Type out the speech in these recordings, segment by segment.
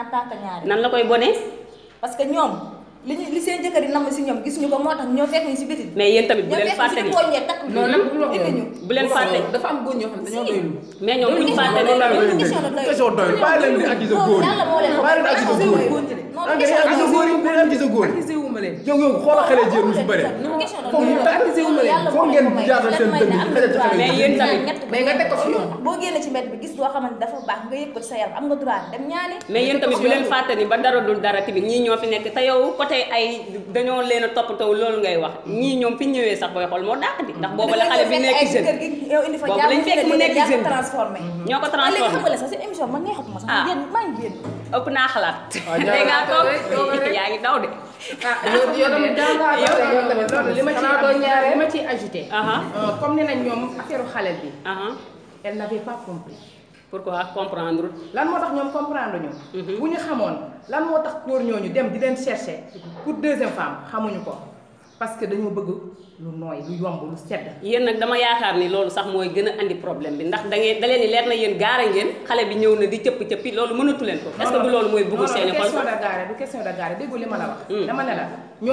en tant que nan la koy bone parce que ñoom li li seen jëkkër yi nam si ñoom gisuñu ko moo tax ñoo fekk ñu si biti. mais yéen tamit bu leen fàtte ni dafa am góor ñoo xam ne mais ñoom bu ñu fàtte ne loolu question doylu bàyyi leen di accuser góor yi bàyyi leen di accuser góor yi ma leen. yow yow xoolal xale jéem ñu fi bëre. foog ñu tàggatise wu ma leen foog ngeen jaarale seen dënnu ñu xale ci xale yi. mais yéen tamit ko fi yoon. boo génnee ci mbedd bi gis loo xamante dafa baax nga yëg ko ci sa yaram am nga droit dem ñaani. mais yéen tamit bu leen fàtte ni ba dara dul dara tamit ñii ñoo fi nekk te yow côté ay dañoo leen a toppatoo loolu ngay wax ñii sax booy xool moo dàq di ndax boobu la xale bi nekk jeune boobu lañ fekk mu nekk jeune ñoo ko ah, transformé ah ëpp naa xalaat. Ah, Euh, comme elle n'avait pas compris. pourquoi comprendre. lan motax comprendre mhm. chercher mhm. pour deuxième femme parce que nous bëgg. lu nooy lu yomb lu sedd yéen nag dama yaakaar ni loolu sax mooy gën a indi problème bi ndax da ngeen da leer na yéen gaara ngeen xale bi ñëw na di cëpp-cëppi loolu mënatu leen ko est que du loolu mooy bëggu seeni xol question de gaare du question de gaare déggu hmm.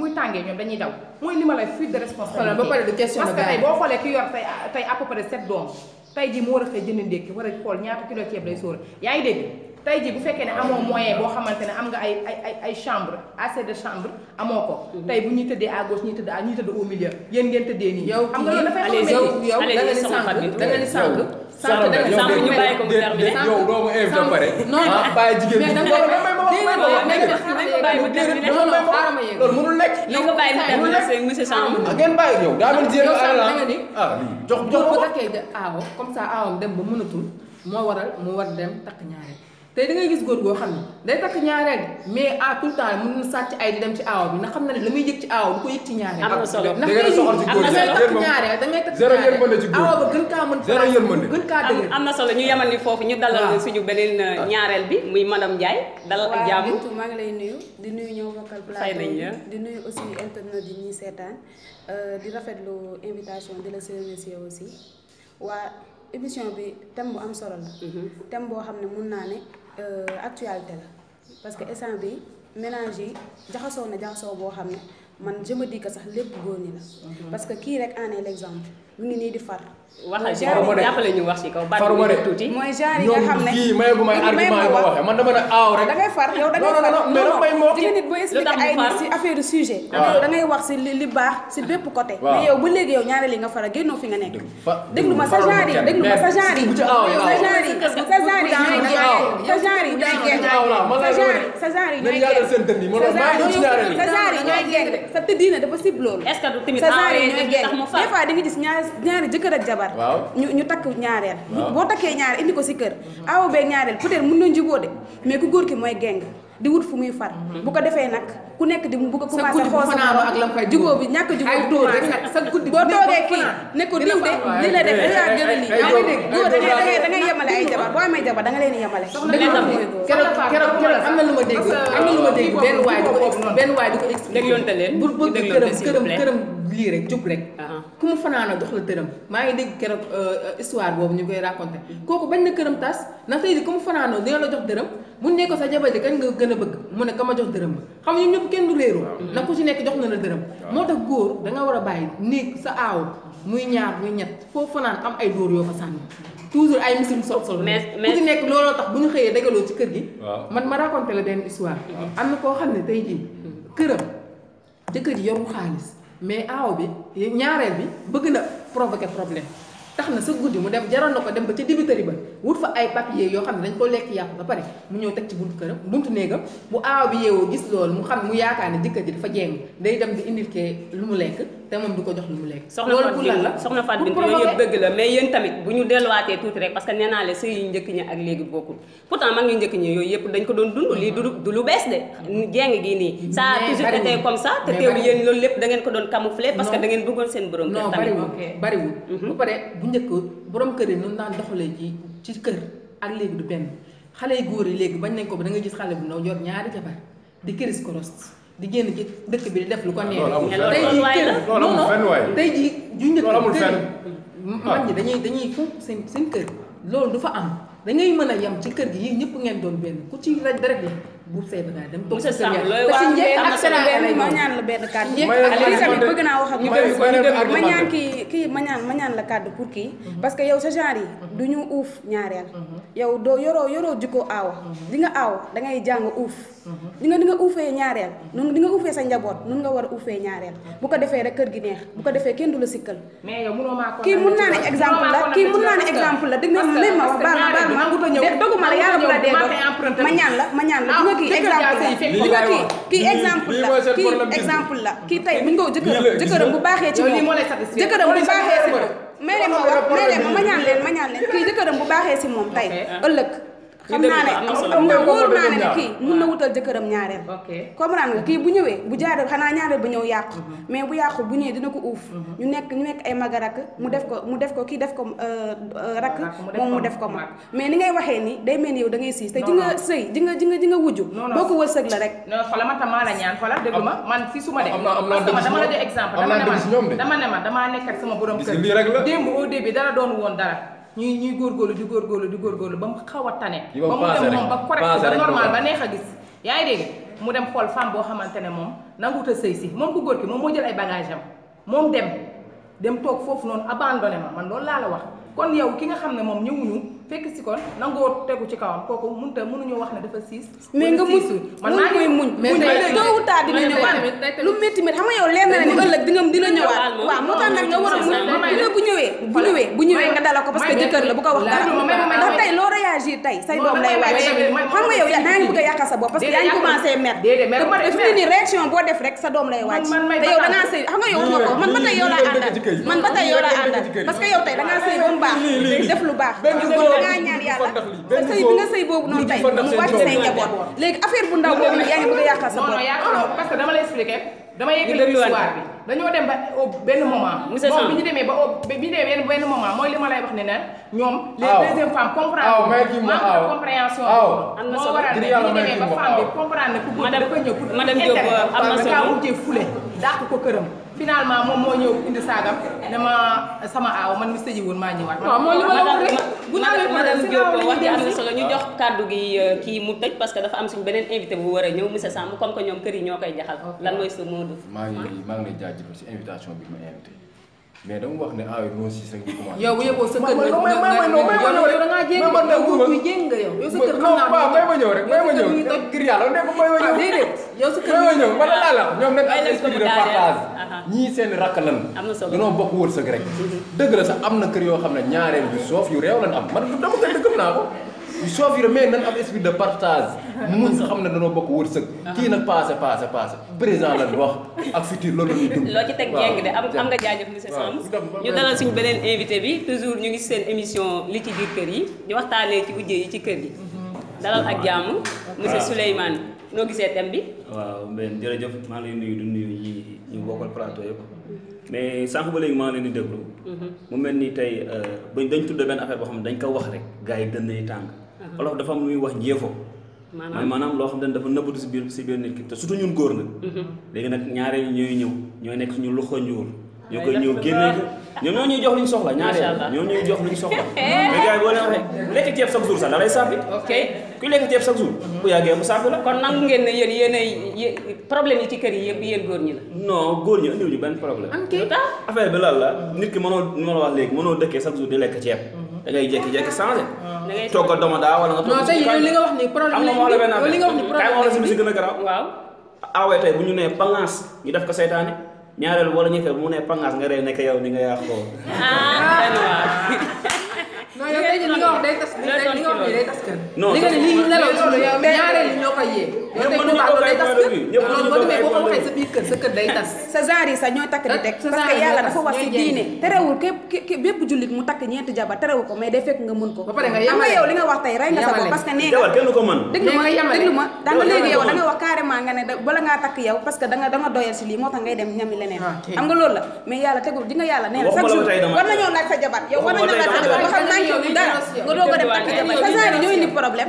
muy tàngee ñoom dañuy daw mooy li ma la fuite parce que tey boo xoolee ki yor tey tey à peu près doom tey ji mu war a xëy ndékki war a xool ñaata kilo ceeb lay sóor yaa ngi dégg tey jii bu fekkee ne amoo moyen boo xamante ne am nga ay ay ay ay chambre assez de chambre amoo ko mhm. tey bu ñuy tëddee à gauche ñuy tëdd à ñuy tëdd au milieu yéen ngeen tëddee nii yow xam nga dafay yow da nga ni sànq da nga ni sànq sànq da nga sànq ñu bàyyi ko mu terminé yow doo ah, jigéen mais danga bàyyi mu terminé loolu mënul nekk li nga bàyyi mu terminé monsieur Samb ah, ah, jox jox ko takkee aawo comme ça aawam dem ba mënatul moo waral mu war dem takk ñaareel tey da ngay gis góor goo xam ne day takk ñaareel mais à tout le temps mën na sàcc ay di dem ci aaw bi na xam na ne la muy yëg ci aaw du ko yëg ci ñaareel. am na solo ndax ngay takk ñaareel da ngay takk ñaareel aaw ba gën kaa mën gën kaa dëgër am na solo ñu yemal ni foofu ñu dalal ah. suñu beneen euh, ah. ñaareel bi muy madame Ndiaye dalal ak jàmm maa ngi lay nuyu di nuyu ñëw bokkal plateau di nuyu aussi internet yi ñuy seetaan euh, di rafet rafetlu invitation di la remercier aussi waa émission bi thème bu am solo la mm-hmm. thème boo xam ne mun naa ne Euh, actuelle parce que instant mélanger na je me dis que sax mhm. parce que ki rek est exemple di far. sujet. côté. taal seen dënd yi moo tax maa sa te dafa sib loolu est-ce que ñooy génn des di nga ñaari ñaari jëkkër ak jabar ñu ñu takk ñaareel boo takkee ñaareel indi ko si kër awo beeg ñaareel peut-être mën na njuboo de mais ku góor ki mooy géng di wut fu muy far. bu ko defee nag ku nekk di bu ko commencé xool sa borom jubóo bi ñàkk jubóo bi commencé guddi boo toogee kii de li la def li laa gën a lii góor da ngay da ngay yemale ay jabar boo amee jabar da nga leen na lu ma dégg am na lu ko ko expliqué leen pour bëgg këram këram këram lii rek jub rek ah. ku mu jox la tëram maa ngi dégg keroog euh, histoire boobu ñu koy raconté kooku bañ na këram tas ndax tey di ku fanaanoo dina la jox dërëm mun ne sa jabar ji kañ nga gën bëgg mu ne ka ma jox dërëm ma xam ñu ñëpp kenn du réeroo nag ku ci nekk jox na la dërëm moo tax góor da war a bàyyi néeg sa aaw muy ñaar muy ñett foo fanaan am ay dóor yoo fa sànni toujours ay misim sol sol mais ku ci nekk looloo tax bu ñu xëyee dagaloo ci kër gi man ma raconté la benn histoire am na koo xam ne tey jii këram jëkkër ji yorul xaalis mais aaw bi ñaareel bi bëgg na provoquer problème tax na sa guddi mu dem jaroon na ko dem ba ca dibitari ba wut fa ay papier yoo xam ne dañ koo lekk yàpp ba pare mu ñëw teg ci buntu këram buntu néegam bu aaw bi yeewoo gis loolu mu xam mu yaakaar ne jëkkër ji dafa jéng day dem di indil kee lu mu lekk te moom du ko jox lu mu lekk soxna pour lan la soxna Fatou Bintou yooyu yëpp dëgg la mais yéen tamit bu ñu delluwaatee tuuti rek parce que nee naa la sëy yi njëkk ñi ak léegi bokkul pourtant mag ñu njëkk ñi yooyu yëpp dañ ko doon dund lii du du lu bees de jeng gii nii ça a toujours été comme ça te teewul yéen loolu lépp da ngeen ko doon camoufler parce que da ngeen bëggoon seen borom kër tamit non bariwul bariwul mhm. bu pare bu njëkk borom kër yi noonu daan ji ci kër ak léegi du benn xale yu yi léegi bañ nañ ko ba da nga gis xale bu ndaw yor ñaari jabar di këris ko di génn ci dëkk bi def lu ko neex. loolu amul fenn waay tey jii kër non non tey jii ju njëkk. loolu amul fenn mag ñi dañuy dañuy fu seen kër. loolu du fa am da ngay mën a yem ci kër gi yéen ñëpp ngeen doon benn ku ci raj rek la bu sey da nga dem toog sa sëñ parce ci njëkk ak sa ben ma ñaan la benn kàddu ali tamit bëgg naa wax ak ñu ma ñaan kii kii ma ñaan ma ñaan la kàddu pour kii mhm. parce que yow sa genre yi mhm. du ñu uuf ñaareel mhm. yow doo yoroo yoroo jikko aaw di nga aaw da ngay jàng uuf di nga di nga uufee ñaareel noonu di nga uufee sa njaboot noonu nga war a uufee ñaareel bu ko defee rek kër gi neex bu ko defee kenn du la sikkal mais yow mënoo maa kii mun naa ne exemple la kii mun naa ne exemple la dëgg na même ma wax baal ma baal ma doguma la yàlla bu la dee doon ma ñaan la ma ñaan la bu ah, kii exemple la kii kii exemple la kii exemple la kii tey bu ñu ko jëkkër bu baaxee ci moom jëkkëram bu baaxee si moom mais leen ma wax leen ma ñaan leen ma ñaan leen kii jëkkëram bu baaxee si moom tey ëllëg xam naa ne wóor naa ne kii mun na wutal jëkkëram ñaareel comprendre nga kii bu ñëwee bu jaaree xanaa ñaareel ba ñëw yàqu mais bu yàqu bu ñëwee dina ko uuf ñu nekk ñu nekk ay maga rakk mu def ko mu def ko kii def ko rakk moom mu def ko mag mais ni ngay waxee ni day mel ni yow da ngay siis te ji nga sëy ji nga ji nga ji nga wujju boo ko wërsëg la rek xoolal man tam maa la ñaan xoolal dégg ma man fii su ma de dama la jox exemple dama ne ma dama nekk ak sama borom kër démb au début dara woon dara ñuy ñuy góorgóorlu di góorgóorlu di góorgóorlu ba mu xaw a tane. ba dem moom ba correct normal ba neex gis. mu dem xool femme boo xamante ne moom sëy si moom ku jël ay dem dem toog foofu noonu abandonné ma man loolu laa la wax kon yow ki nga fekk si kon nangoo tegu ci kawam kooku mënut a mënuñu wax ne muñ man maa dina ñëwaat lu métti métti xam nga yow leer na ëllëg dina ñëwaat. waaw moo tax nag nga war a muñ bu nga dala sa bopp parce que yaa ngi commencé mer te fi ni réaction boo def rek sa doom lay wàcc te yow da sëy xam nga yow wax ko man ba tey yow laa àndal man ba tey yow laa àndal parce que yow tey da sëy ba mu baax def lu baax dangaa ñaan yàlla sa sëy bi nga sëy boobu noonu tey mu wàcc say njaboot léegi affaire bu ndaw boobu nag yaa ngi bëgg a yàqal sa bopp non parce que dama lay expliquer dama yëgale histoire bi dañoo dem ba au benn moment moom bi ñu demee ba au bi ñu demee benn moment mooy li ma lay wax ne ne ñoom les deuxième femmes comprendre manque de compréhension moo waral ne ñu demee ba femme bi comprendre ne ku góor dafa ñëw pour madame Diop euh, am na solo daa ko ko këram finalement moom moo ñëw indi saagam dama sama aaw man mi sëji woon maa ñëwaat. waaw mooy li ma la wax rek bu nawet madame Diop wax ji am na solo ñu jox kàddu gi euh, kii mu tëj parce que dafa am suñu beneen invité bu war a ñëw monsieur Samb comme que ñoom kër yi ñoo koy jaxal lan mooy sa mot de. maa ngi maa ngi lay jaajëfal si invitation bi ma invité mais dama wax ne aaw yi moo si sa ngi commencé. yow bu yeboo sa kër nga yow da ngaa jéng yow jéng nga yow. yow sa kër xam naa may ma ñëw rek may ma ñëw ngir yàlla ne ko may ma ñëw. Ah, déedéet yow sa kër may ma ñëw man la ñoom nag ay esprit de partage ñii seen rakk lan danoo bokk wërsëg rek dëgg la sa am na kër yoo xam ne ñaareel yu soof yu réew lan am man dama koy dëggam naa ko yu soof yu mais nan am esprit de partage muñ sa xam ne danoo bokk wërsëg ah. kii nag passé passé passé présent lan wax ak futur loolu ñuy dund loo teg jéng de am am nga jaajëf monsieur Soms ñu dalal suñu beneen invité bi toujours ñu ngi seen émission li ci biir kër yi di waxtaanee ci ujjee yi ci kër yi mhm. dalal ak jàmm monsieur Souleymane gisee thème bi waaw jërëjëf maa ngi lay nuyu ñu bokkal plateau yëpp mhm. mais sànq ba léegi maa ngi leen di déglu. Mhm. mu mel ni tey euh, bañ dañ tuddee benn affaire boo xam ne dañ ko wax rek gars yi dënn a tàng. Mhm. olof dafa am lu muy wax njéefoo. maanaam maanaam loo xam dafa nëbbatu si biir si biir nit te surtout ñun góor na. léegi nag ñaareel ñooy ñëw ñooy nekk suñu loxo njuur ñoo koy ñëw génne ñoom ñoo ñuy jox luñ soxla ñaareel ñoom ñuy jox luñ soxla mais gars yi boo leen waxee lekk ceeb chaque jour sax da lay sàppi ok kuy lekk ceeb chaque jour bu yàggee mu sàppi problème yi ci kër yëpp yéen góor ñi la non góor ñi andiw ñu benn problème ah, affaire bi lan la nit ki mënoo ma la wax léegi mënoo dëkkee di lekk ceeb mhm. da ngay jékki-jékki changé ah. togg a doma daa wala nga togg li nga wax ni problème la wax la benn si gën a garaaw waaw awee ah, tey bu ñu nee balance ñu def ko seytaane ñaareel wala ñu fe mu ne pangaas nga ree nekk yow ni nga yàqoo ah, ah. No, yow tey jii li nga wax day tas li nga No, nii day tas kër. non li nga ne lii nelaw ñaareel ñoo koy yee. yow tey tubaab loolu day tas kër loolu boo demee boo ko sa biir kër di teg parce que yàlla dafa wax ci diine terewul képp bépp jullit mu takk ñeenti jabar terewul ko mais day fekk nga mun ko. xam nga yow li nga wax tey rey nga sa bopp parce que nee nga. kenn ko mën déglu ma déglu ma da nga léegi yow da nga wax carrément nga ne bala ngaa takk yow parce que da nga da nga doyal ngay dem ñami leneen xam nga la mais tegul di nga war sa jabar yow war sa jabar ba xam tekkiwul dara nga doog a dem a jabar tasaare ñoo indi problème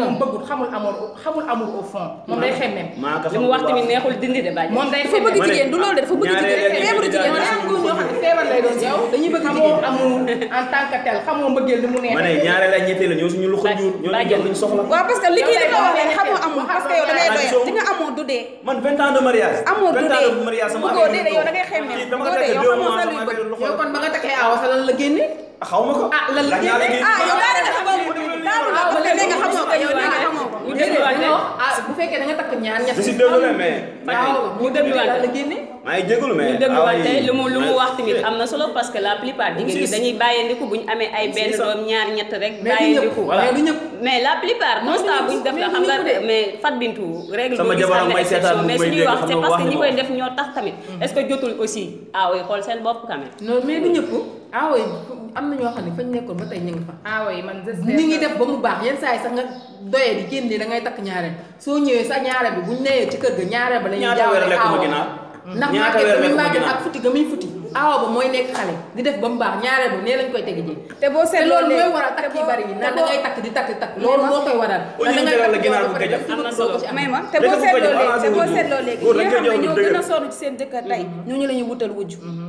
moom hmm. bëggul xamul amul au fond hmm. moom day xemmem li mu wax tamit neexul dindi de bàyyi moom day xemmem dafa bëgg jigéen du loolu bëgg jigéen feebaru dañuy bëgg jigéen amul en tant tegtal xamoo mbëggeel lu mu neex. ma ne ñaareel la ñoo suñu loxo ñuur ñoo ñu soxla. waaw parce que li kii dafa wax xamoo amul xamoo sa luy bëgg yow kon ba nga takkee awa sa lan la génne. Ah, xaw ko. ah lan la génne ah yow daa da ah, nga xamoo ko daa da nga xamoo ko yow da nga xamoo ko. Ah, bu fekkee da nga takk ñaar maa ngi jégalu mais ñu dégluwante ah lu mu lu mu wax tamit am na solo parce que la plupart jigéen ñi dañuy bàyyandiku bu ñu amee ay benn doom ñaar ñett rek bàyyandiku mais la plupart constat ah, bu ñu may seetaan ñoo tax tamit mm-hmm. est-ce que jotul aussi aawo ah yi xool ñëpp aawo yi am na ñoo xam ne fañ nekkoon ba tey ñu ngi ngi def ba mu baax yenn saa yi sax nga doyee di génne da ngay takk ñaareel soo ñëwee sa ñaareel bi buñ newee ci kër gi ñaareel ba lañuy jaawale aawo Mm. ndax màgget muy màgget ak futi ga muy futi awa ba mooy nekk xale di def ba mu baax ñaareel ba lañ koy tege ji te boo seet loolu mooy waral takk yi bari yi naan da ngay takk di takk takk loolu moo seetloo léegi te boo seetloo léegi ñi xam ne ñoo gën a sonn ci seen jëkkër tey mm-hmm. ñooñu la ñuy wutal wujj mm-hmm.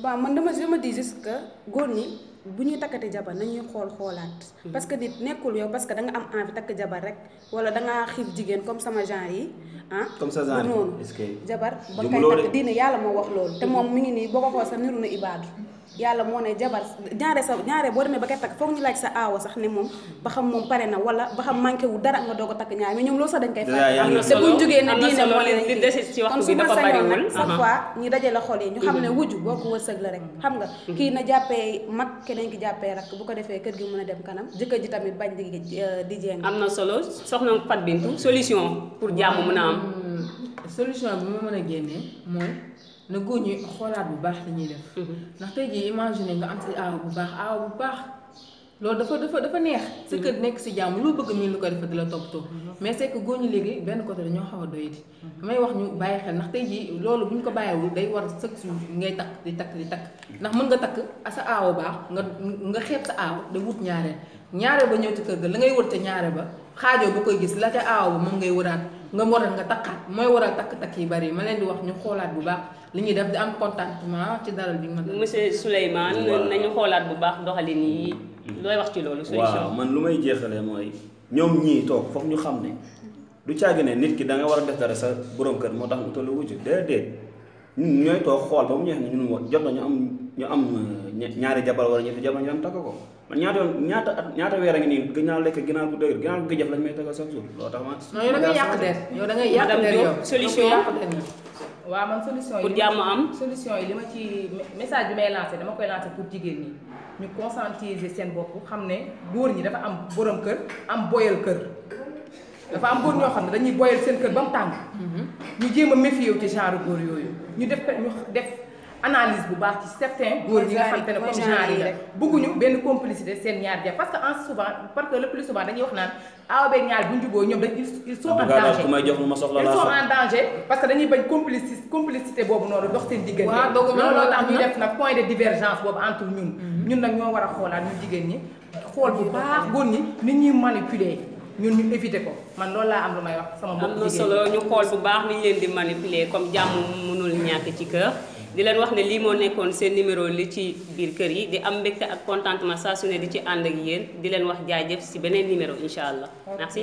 waaw man dama je me dis juste que góor ñi bu ñuy takkati jabar nañuy xool xoolaat. Hmm. parce que nit nekkul yow parce que da nga am envie takk jabar rek wala da ngaa xiif jigéen comme sama genre yi. ah comme sa genre noonu. jabar ba kay takk diine yàlla moo wax loolu. te moom mu ngi nii boo ko xool sax niru na ibaadu. yàlla mo ne jabar ñaare sa ñaare bo demé ba kay tak fogg ñu laaj sa awa sax ne mom ba xam mom paré na wala ba xam manké wu dara nga dogo tak takk ñaar mais ñom lo sa dañ kay faay te buñ jógee na diiné mo leen waxtu bi dafa bari wul sa fois ñu dajale xol yi ñu xam mhm. wuju boo ko la rek xam nga mhm. ki na jappé mak keneen ki jappé rak bu ko défé kër gi mëna dem kanam jëkë ji tamit bañ di euh, di jéng am solo soxna Fat Bintou solution pour jamm mëna am hmm, solution bu mëna génné moy na góor ñi xoolaat bu baax li ñuy def. ndax tey jii imaginer nga am si aaw bu baax aaw bu baax loolu dafa dafa dafa neex. sa kër nekk si jàmm lu bëgg miin lu ko def di la toppatoo. Mhm. mais c'est que léegi benn côté dañoo xaw a doyati. Mhm. may wax ñu bàyyi xel ndax tey jii loolu bu ñu ko bàyyiwul day war chaque jour ngay takk di takk di takk ndax mën nga takk ah, sa aaw baax nga nga xeeb sa aaw da wut ñaareel ñaareel ba ñëw ci kër ga la ngay wër ca ñaareel ba xaajoo bu koy gis la te aaw ba moom ngay wëraat nga waral nga takkaat mooy waral takk-takk yi bari ma leen di wax ñu xoolaat bu baax li ñuy def di am contentement ci dalal bi nga. monsieur Souleymane nañu xoolaat bu baax doxalin yi. Mm-hmm. looy wax ci loolu. solution waaw man lu may jéexale mooy ñoom ñii toog foog ñu xam ne du caagi ne nit ki da nga war a def dara sa borom kër moo tax nga toll wujj déedéet ñun ñooy toog xool ba mu ñeex ne ñun jot nañu am. ñu am ñaari jabar wala ñetti jabar ñu am takk ko man ñaata ñaata ñaata weer a ngi nii gën naa lekk ginaar bu dëgër ginaar bu gëjëf lañ may taggal chaque jour loolu tax ma non yow da ngay yàq der yow da ngay yàq der yow solution yàq der waaw man solution yi pour jàmm am solution yi li ci message bi may lancé dama koy lancé pour jigéen ñi ñu conscientiser seen bopp xam ne ñi dafa am borom kër am boyal kër dafa am góor ñoo xam ne dañuy boyal seen kër ba mu tàng ñu jéem a ci genre góor yooyu ñu def ñu def analyse bu baax ci certains góor ñi nga xam te ne comme genre yi la bëgguñu benn complicité seen ñaar jàpp parce que en souvent parce que le plus souvent dañuy wax naan aawbee ñaar bu njuboo ñoom dañ ils sont en danger ils sont en danger parce que dañuy bañ complicité complicité boobu noonu dox seen diggante loolu moo tax ñuy def nag point de divergence boobu entre ñun mm-hmm. ñun nag ñoo war a xoolaat ñu jigéen ñi xool bu baax góor ñi nit ñuy manipuler ñun ñu éviter ko man loolu laa am lu may wax sama mbokk jigéen am na solo ñu xool bu baax ni ñu leen di manipuler comme jàmm mënul ñàkk ci kër di leen wax ne lii moo nekkoon seen numéro li ci biir kër yi di am mbégte ak contentement saa su ne di ci ànd ak yéen di leen wax jaay jaajëf si beneen numéro incha allah merci